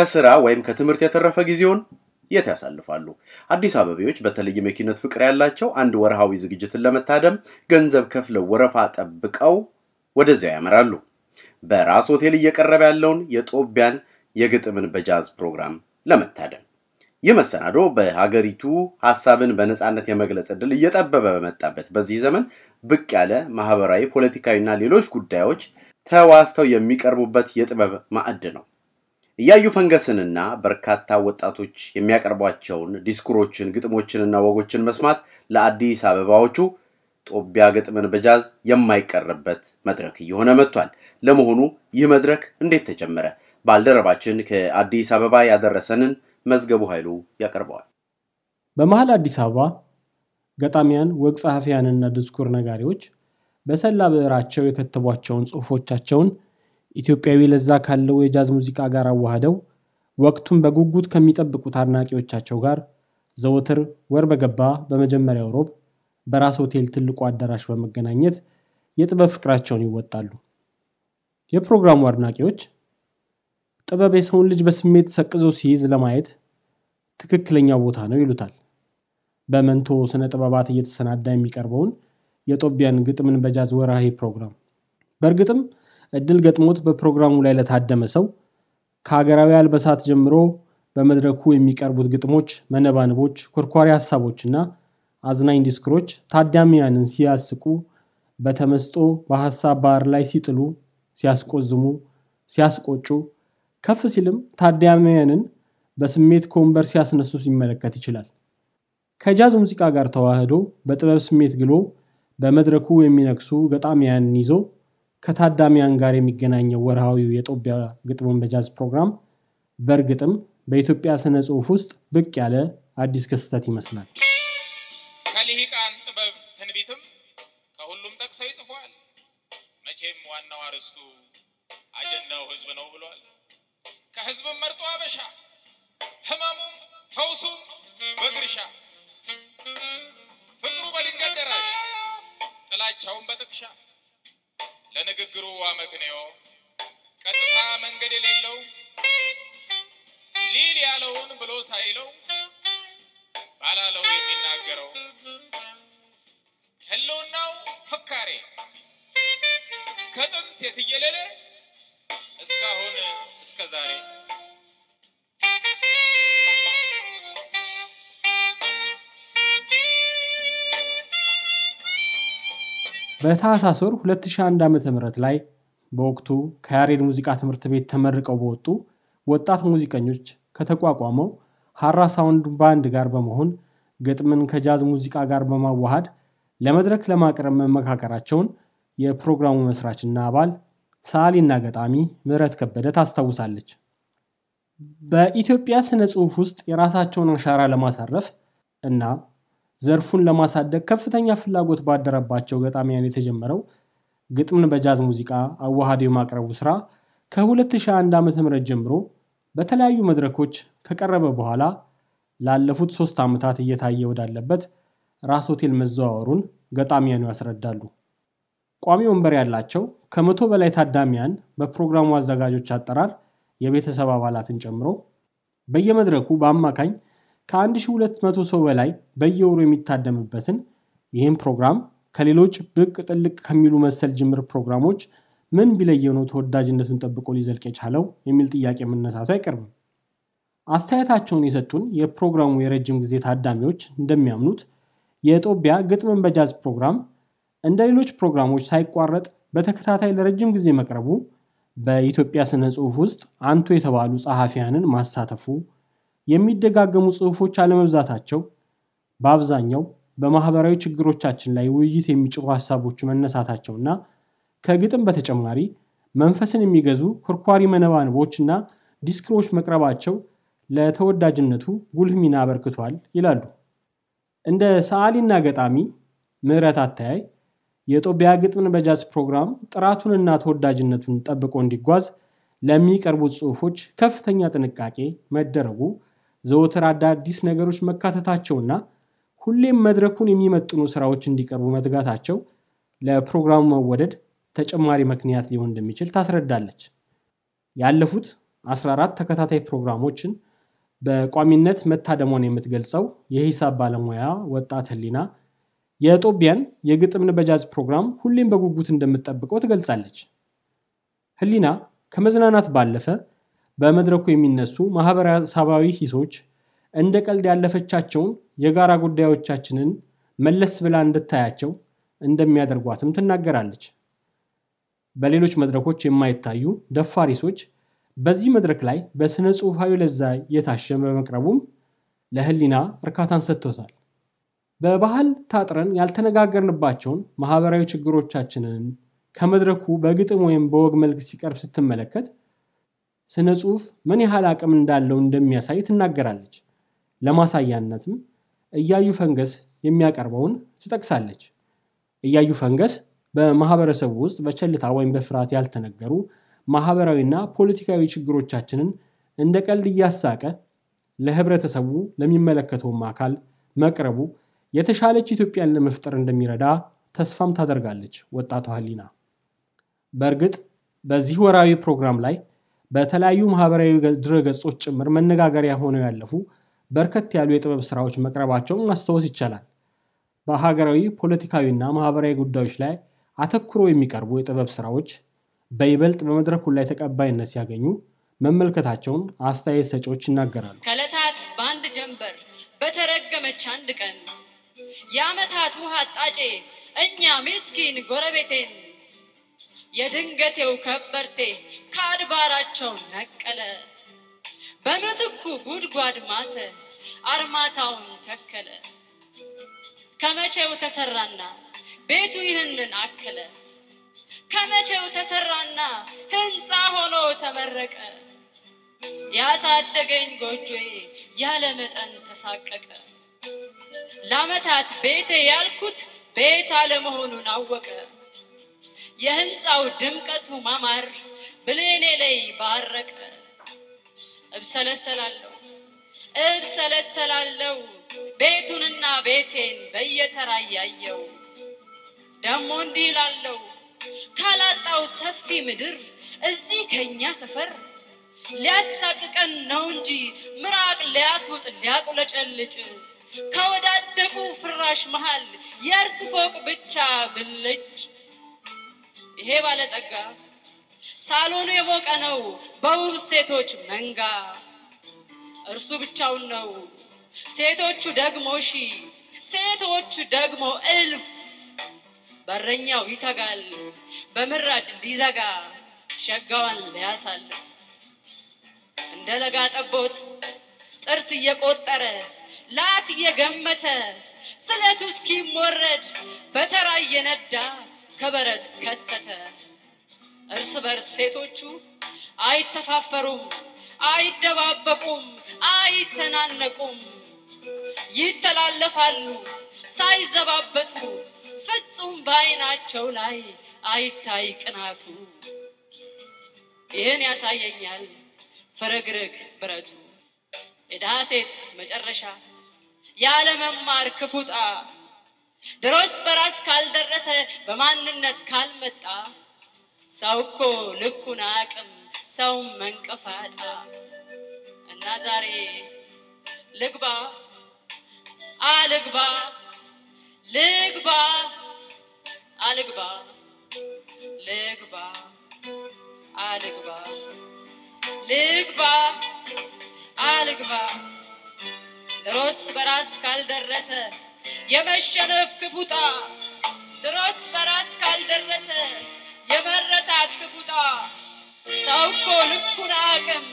ከስራ ወይም ከትምህርት የተረፈ ጊዜውን የት ያሳልፋሉ? አዲስ አበቤዎች በተለይም መኪነት ፍቅር ያላቸው አንድ ወርሃዊ ዝግጅትን ለመታደም ገንዘብ ከፍለው ወረፋ ጠብቀው ወደዚያው ያመራሉ። በራስ ሆቴል እየቀረበ ያለውን የጦቢያን የግጥምን በጃዝ ፕሮግራም ለመታደም ይህ መሰናዶ በሀገሪቱ ሀሳብን በነፃነት የመግለጽ ዕድል እየጠበበ በመጣበት በዚህ ዘመን ብቅ ያለ ማህበራዊ፣ ፖለቲካዊና ሌሎች ጉዳዮች ተዋስተው የሚቀርቡበት የጥበብ ማዕድ ነው። እያዩ ፈንገስንና በርካታ ወጣቶች የሚያቀርቧቸውን ዲስኩሮችን፣ ግጥሞችንና ወጎችን መስማት ለአዲስ አበባዎቹ ጦቢያ ግጥምን በጃዝ የማይቀርበት መድረክ እየሆነ መጥቷል። ለመሆኑ ይህ መድረክ እንዴት ተጀመረ? ባልደረባችን ከአዲስ አበባ ያደረሰንን መዝገቡ ኃይሉ ያቀርበዋል። በመሀል አዲስ አበባ ገጣሚያን፣ ወግ ጸሐፊያንና ዲስኩር ነጋሪዎች በሰላ ብዕራቸው የከተቧቸውን ጽሁፎቻቸውን ኢትዮጵያዊ ለዛ ካለው የጃዝ ሙዚቃ ጋር አዋህደው ወቅቱን በጉጉት ከሚጠብቁት አድናቂዎቻቸው ጋር ዘወትር ወር በገባ በመጀመሪያው ሮብ በራስ ሆቴል ትልቁ አዳራሽ በመገናኘት የጥበብ ፍቅራቸውን ይወጣሉ። የፕሮግራሙ አድናቂዎች ጥበብ የሰውን ልጅ በስሜት ሰቅዞ ሲይዝ ለማየት ትክክለኛ ቦታ ነው ይሉታል። በመንቶ ስነ ጥበባት እየተሰናዳ የሚቀርበውን የጦቢያን ግጥምን በጃዝ ወርሃዊ ፕሮግራም በእርግጥም እድል ገጥሞት በፕሮግራሙ ላይ ለታደመ ሰው ከሀገራዊ አልበሳት ጀምሮ በመድረኩ የሚቀርቡት ግጥሞች፣ መነባንቦች፣ ኮርኳሪ ሀሳቦች እና አዝናኝ ዲስክሮች ታዳሚያንን ሲያስቁ፣ በተመስጦ በሀሳብ ባህር ላይ ሲጥሉ፣ ሲያስቆዝሙ፣ ሲያስቆጩ ከፍ ሲልም ታዳሚያንን በስሜት ከወንበር ሲያስነሱ ሲመለከት ይችላል። ከጃዝ ሙዚቃ ጋር ተዋህዶ በጥበብ ስሜት ግሎ በመድረኩ የሚነግሱ ገጣሚያንን ይዞ ከታዳሚያን ጋር የሚገናኘው ወርሃዊው የጦቢያ ግጥሙን በጃዝ ፕሮግራም በእርግጥም በኢትዮጵያ ስነ ጽሁፍ ውስጥ ብቅ ያለ አዲስ ክስተት ይመስላል። ከልሂቃን ጥበብ ትንቢትም ከሁሉም ጠቅሰው ይጽፏል። መቼም ዋናው አርዕስቱ አጀንዳው ህዝብ ነው ብሏል። ከህዝብም መርጦ አበሻ ህመሙም ፈውሱም በግርሻ ፍቅሩ ደራሽ ጥላቻውም በጥቅሻ ለንግግሩ አመክንዮ ቀጥታ መንገድ የሌለው ሊል ያለውን ብሎ ሳይለው ባላለው የሚናገረው ህልውናው ፍካሬ ከጥንት የትየለለ እስካሁን እስከ ዛሬ በታህሳስ ወር 2001 ዓ.ም ላይ በወቅቱ ከያሬድ ሙዚቃ ትምህርት ቤት ተመርቀው በወጡ ወጣት ሙዚቀኞች ከተቋቋመው ሐራ ሳውንድ ባንድ ጋር በመሆን ግጥምን ከጃዝ ሙዚቃ ጋር በማዋሃድ ለመድረክ ለማቅረብ መመካከራቸውን የፕሮግራሙ መስራችና አባል ሰዓሊና ገጣሚ ምረት ከበደ ታስታውሳለች። በኢትዮጵያ ስነ ጽሁፍ ውስጥ የራሳቸውን አሻራ ለማሳረፍ እና ዘርፉን ለማሳደግ ከፍተኛ ፍላጎት ባደረባቸው ገጣሚያን የተጀመረው ግጥምን በጃዝ ሙዚቃ አዋሃዶ የማቅረቡ ስራ ከ2001 ዓ.ም ጀምሮ በተለያዩ መድረኮች ከቀረበ በኋላ ላለፉት ሶስት ዓመታት እየታየ ወዳለበት ራስ ሆቴል መዘዋወሩን ገጣሚያኑ ያስረዳሉ። ቋሚ ወንበር ያላቸው ከመቶ በላይ ታዳሚያን በፕሮግራሙ አዘጋጆች አጠራር የቤተሰብ አባላትን ጨምሮ በየመድረኩ በአማካኝ ከ1200 ሰው በላይ በየወሩ የሚታደምበትን ይህም ፕሮግራም ከሌሎች ብቅ ጥልቅ ከሚሉ መሰል ጅምር ፕሮግራሞች ምን ቢለየው ነው ተወዳጅነቱን ጠብቆ ሊዘልቅ የቻለው የሚል ጥያቄ መነሳቱ አይቀርብም። አስተያየታቸውን የሰጡን የፕሮግራሙ የረጅም ጊዜ ታዳሚዎች እንደሚያምኑት የጦቢያ ግጥምን በጃዝ ፕሮግራም እንደ ሌሎች ፕሮግራሞች ሳይቋረጥ በተከታታይ ለረጅም ጊዜ መቅረቡ በኢትዮጵያ ስነ ጽሁፍ ውስጥ አንቱ የተባሉ ጸሐፊያንን ማሳተፉ የሚደጋገሙ ጽሁፎች አለመብዛታቸው በአብዛኛው በማህበራዊ ችግሮቻችን ላይ ውይይት የሚጭሩ ሀሳቦች መነሳታቸውና ከግጥም በተጨማሪ መንፈስን የሚገዙ ኮርኳሪ መነባንቦችና ዲስክሮች መቅረባቸው ለተወዳጅነቱ ጉልህ ሚና አበርክቷል ይላሉ። እንደ ሰዓሊና ገጣሚ ምዕረት አተያይ የጦቢያ ግጥምን በጃዝ ፕሮግራም ጥራቱንና ተወዳጅነቱን ጠብቆ እንዲጓዝ ለሚቀርቡት ጽሁፎች ከፍተኛ ጥንቃቄ መደረጉ ዘወትር አዳዲስ ነገሮች መካተታቸውና ሁሌም መድረኩን የሚመጥኑ ስራዎች እንዲቀርቡ መትጋታቸው ለፕሮግራሙ መወደድ ተጨማሪ ምክንያት ሊሆን እንደሚችል ታስረዳለች። ያለፉት 14 ተከታታይ ፕሮግራሞችን በቋሚነት መታደሟን የምትገልጸው የሂሳብ ባለሙያ ወጣት ህሊና የጦቢያን የግጥምን በጃዝ ፕሮግራም ሁሌም በጉጉት እንደምትጠብቀው ትገልጻለች። ህሊና ከመዝናናት ባለፈ በመድረኩ የሚነሱ ማህበረሰባዊ ሂሶች እንደ ቀልድ ያለፈቻቸውን የጋራ ጉዳዮቻችንን መለስ ብላ እንድታያቸው እንደሚያደርጓትም ትናገራለች። በሌሎች መድረኮች የማይታዩ ደፋር ሂሶች በዚህ መድረክ ላይ በሥነ ጽሑፋዊ ለዛ የታሸን በመቅረቡም ለህሊና እርካታን ሰጥቶታል። በባህል ታጥረን ያልተነጋገርንባቸውን ማህበራዊ ችግሮቻችንን ከመድረኩ በግጥም ወይም በወግ መልክ ሲቀርብ ስትመለከት ስነ ጽሁፍ ምን ያህል አቅም እንዳለው እንደሚያሳይ ትናገራለች። ለማሳያነትም እያዩ ፈንገስ የሚያቀርበውን ትጠቅሳለች። እያዩ ፈንገስ በማህበረሰቡ ውስጥ በቸልታ ወይም በፍርሃት ያልተነገሩ ማህበራዊና ፖለቲካዊ ችግሮቻችንን እንደ ቀልድ እያሳቀ ለህብረተሰቡ ለሚመለከተውም አካል መቅረቡ የተሻለች ኢትዮጵያን ለመፍጠር እንደሚረዳ ተስፋም ታደርጋለች ወጣቷ ህሊና። በእርግጥ በዚህ ወራዊ ፕሮግራም ላይ በተለያዩ ማህበራዊ ድረገጾች ጭምር መነጋገሪያ ሆነው ያለፉ በርከት ያሉ የጥበብ ስራዎች መቅረባቸውን ማስታወስ ይቻላል። በሀገራዊ ፖለቲካዊና ማህበራዊ ጉዳዮች ላይ አተኩሮ የሚቀርቡ የጥበብ ስራዎች በይበልጥ በመድረኩ ላይ ተቀባይነት ሲያገኙ መመልከታቸውን አስተያየት ሰጪዎች ይናገራሉ። ከዕለታት በአንድ ጀንበር በተረገመች አንድ ቀን የአመታት ውሃ አጣጬ እኛ ሚስኪን ጎረቤቴን የድንገቴው ከበርቴ ከአድባራቸው ነቀለ። በምትኩ ጉድጓድ ማሰ፣ አርማታውን ተከለ። ከመቼው ተሰራና ቤቱ ይህንን አከለ። ከመቼው ተሰራና ህንፃ ሆኖ ተመረቀ። ያሳደገኝ ጎጆዬ ያለ መጠን ተሳቀቀ። ለአመታት ቤቴ ያልኩት ቤት አለመሆኑን አወቀ። የህንፃው ድምቀቱ ማማር ብልኔ ላይ ባረቀ እብሰለሰላለሁ እብሰለሰላለሁ ቤቱንና ቤቴን በየተራ እያየው ደሞ እንዲህ ይላለው ካላጣው ሰፊ ምድር እዚህ ከኛ ሰፈር ሊያሳቅቀን ነው እንጂ ምራቅ ሊያስውጥ ሊያቁለጨልጭ ከወዳደቁ ፍራሽ መሃል የእርሱ ፎቅ ብቻ ብልጭ ይሄ ባለጠጋ ሳሎኑ የሞቀ ነው በውብ ሴቶች መንጋ። እርሱ ብቻውን ነው ሴቶቹ ደግሞ ሺ ሴቶቹ ደግሞ እልፍ። በረኛው ይተጋል በምራጭ ሊዘጋ ሸጋዋን ሊያሳልፍ እንደ ለጋ ጠቦት ጥርስ እየቆጠረ ላት እየገመተ ስለቱ እስኪሞረድ በተራ እየነዳ ከበረት ከተተ። እርስ በርስ ሴቶቹ አይተፋፈሩም፣ አይደባበቁም፣ አይተናነቁም። ይተላለፋሉ ሳይዘባበቱ ፍጹም በዓይናቸው ላይ አይታይ ቅናቱ። ይህን ያሳየኛል ፍርግርግ ብረቱ የድሃ ሴት መጨረሻ ያለመማር ክፉጣ ድሮስ በራስ ካልደረሰ በማንነት ካልመጣ ሰው እኮ ልኩን አቅም ሰውም መንቀፋጣ እና ዛሬ ልግባ አልግባ ልግባ አልግባ ልግባ አልግባ ልግባ አልግባ ድሮስ በራስ ካልደረሰ የመሸነፍ ክፉጣ ድሮስ በራስ ካልደረሰ የመረታት ክፉጣ ሰው እኮ ልኩን አቅም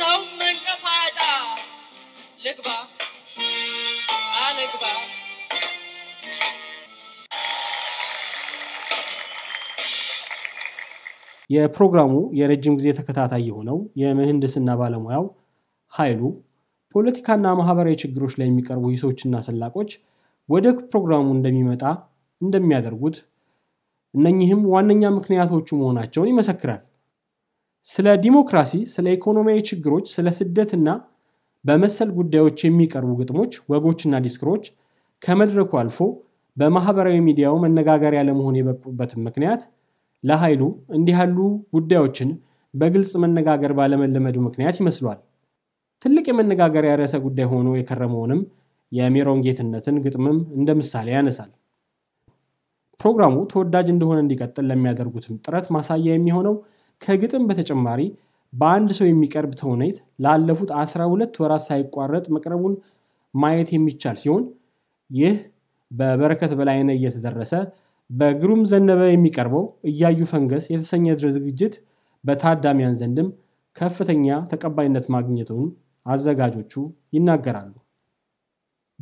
ሰው መንቀፍ ልግባ አልግባ የፕሮግራሙ የረጅም ጊዜ ተከታታይ የሆነው የምህንድስና ባለሙያው ኃይሉ ፖለቲካና ማህበራዊ ችግሮች ላይ የሚቀርቡ ሂሶችና ስላቆች ወደ ፕሮግራሙ እንደሚመጣ እንደሚያደርጉት እነኚህም ዋነኛ ምክንያቶቹ መሆናቸውን ይመሰክራል። ስለ ዲሞክራሲ፣ ስለ ኢኮኖሚያዊ ችግሮች፣ ስለ ስደትና በመሰል ጉዳዮች የሚቀርቡ ግጥሞች፣ ወጎችና ዲስክሮች ከመድረኩ አልፎ በማህበራዊ ሚዲያው መነጋገሪያ ለመሆን የበቁበትን ምክንያት ለኃይሉ እንዲህ ያሉ ጉዳዮችን በግልጽ መነጋገር ባለመለመዱ ምክንያት ይመስሏል። ትልቅ የመነጋገሪያ ርዕሰ ጉዳይ ሆኖ የከረመውንም የሜሮን ጌትነትን ግጥምም እንደ ምሳሌ ያነሳል። ፕሮግራሙ ተወዳጅ እንደሆነ እንዲቀጥል ለሚያደርጉትም ጥረት ማሳያ የሚሆነው ከግጥም በተጨማሪ በአንድ ሰው የሚቀርብ ተውኔት ላለፉት 12 ሁለት ወራት ሳይቋረጥ መቅረቡን ማየት የሚቻል ሲሆን ይህ በበረከት በላይነ እየተደረሰ በግሩም ዘነበ የሚቀርበው እያዩ ፈንገስ የተሰኘ ድረ ዝግጅት በታዳሚያን ዘንድም ከፍተኛ ተቀባይነት ማግኘቱን አዘጋጆቹ ይናገራሉ።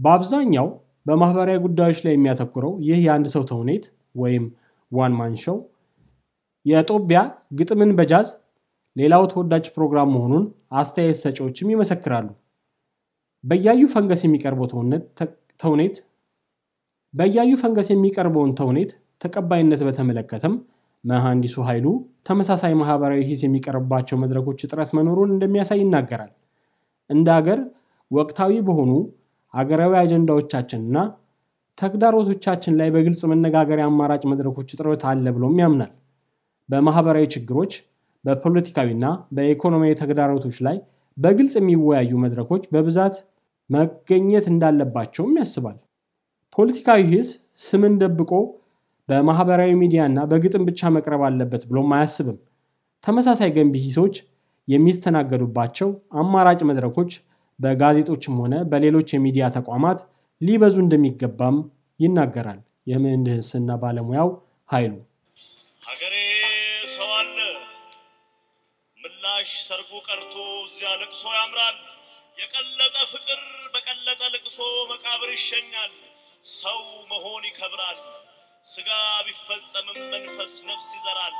በአብዛኛው በማህበራዊ ጉዳዮች ላይ የሚያተኩረው ይህ የአንድ ሰው ተውኔት ወይም ዋን ማን ሾው የጦቢያ ግጥምን በጃዝ ሌላው ተወዳጅ ፕሮግራም መሆኑን አስተያየት ሰጪዎችም ይመሰክራሉ። በያዩ ፈንገስ የሚቀርበው ተውኔት በያዩ ፈንገስ የሚቀርበውን ተውኔት ተቀባይነት በተመለከተም መሐንዲሱ ኃይሉ ተመሳሳይ ማህበራዊ ሂስ የሚቀርባቸው መድረኮች እጥረት መኖሩን እንደሚያሳይ ይናገራል። እንደ አገር ወቅታዊ በሆኑ አገራዊ አጀንዳዎቻችንና ተግዳሮቶቻችን ላይ በግልጽ መነጋገሪያ አማራጭ መድረኮች እጥረት አለ ብሎም ያምናል። በማህበራዊ ችግሮች፣ በፖለቲካዊና በኢኮኖሚያዊ ተግዳሮቶች ላይ በግልጽ የሚወያዩ መድረኮች በብዛት መገኘት እንዳለባቸውም ያስባል። ፖለቲካዊ ሂስ ስምን ደብቆ በማህበራዊ ሚዲያና በግጥም ብቻ መቅረብ አለበት ብሎም አያስብም። ተመሳሳይ ገንቢ ሂሶች የሚስተናገዱባቸው አማራጭ መድረኮች በጋዜጦችም ሆነ በሌሎች የሚዲያ ተቋማት ሊበዙ እንደሚገባም ይናገራል። የምህንድስና ባለሙያው ኃይሉ ሀገሬ ሰው አለ ምላሽ ሰርጉ ቀርቶ እዚያ ልቅሶ ያምራል። የቀለጠ ፍቅር በቀለጠ ልቅሶ መቃብር ይሸኛል። ሰው መሆን ይከብራል። ስጋ ቢፈጸምም መንፈስ ነፍስ ይዘራል።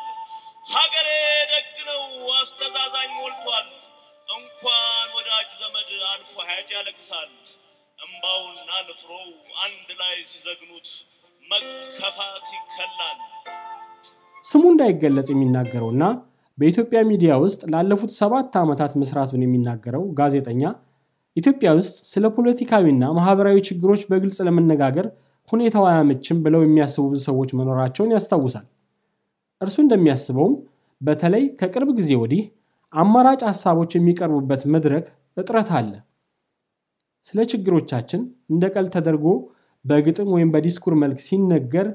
ሀገሬ ደግ ነው አስተዛዛኝ ሞልቷል። እንኳን ወዳጅ ዘመድ አልፎ ሀያት ያለቅሳል። እምባውና ንፍሮው አንድ ላይ ሲዘግኑት መከፋት ይከላል። ስሙ እንዳይገለጽ የሚናገረውና በኢትዮጵያ ሚዲያ ውስጥ ላለፉት ሰባት ዓመታት መስራቱን የሚናገረው ጋዜጠኛ ኢትዮጵያ ውስጥ ስለ ፖለቲካዊና ማህበራዊ ችግሮች በግልጽ ለመነጋገር ሁኔታው አያመችም ብለው የሚያስቡ ብዙ ሰዎች መኖራቸውን ያስታውሳል። እርሱ እንደሚያስበውም በተለይ ከቅርብ ጊዜ ወዲህ አማራጭ ሀሳቦች የሚቀርቡበት መድረክ እጥረት አለ። ስለ ችግሮቻችን እንደ ቀልድ ተደርጎ በግጥም ወይም በዲስኩር መልክ ሲነገር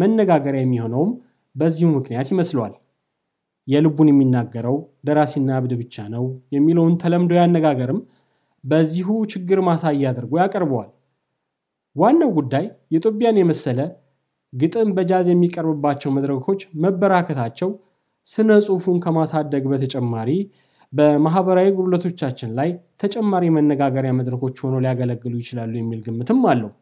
መነጋገሪያ የሚሆነውም በዚሁ ምክንያት ይመስለዋል። የልቡን የሚናገረው ደራሲና አብድ ብቻ ነው የሚለውን ተለምዶ ያነጋገርም በዚሁ ችግር ማሳያ አድርጎ ያቀርበዋል። ዋናው ጉዳይ የጦቢያን የመሰለ ግጥም በጃዝ የሚቀርብባቸው መድረኮች መበራከታቸው ስነ ጽሁፉን ከማሳደግ በተጨማሪ በማህበራዊ ጉድለቶቻችን ላይ ተጨማሪ መነጋገሪያ መድረኮች ሆኖ ሊያገለግሉ ይችላሉ የሚል ግምትም አለው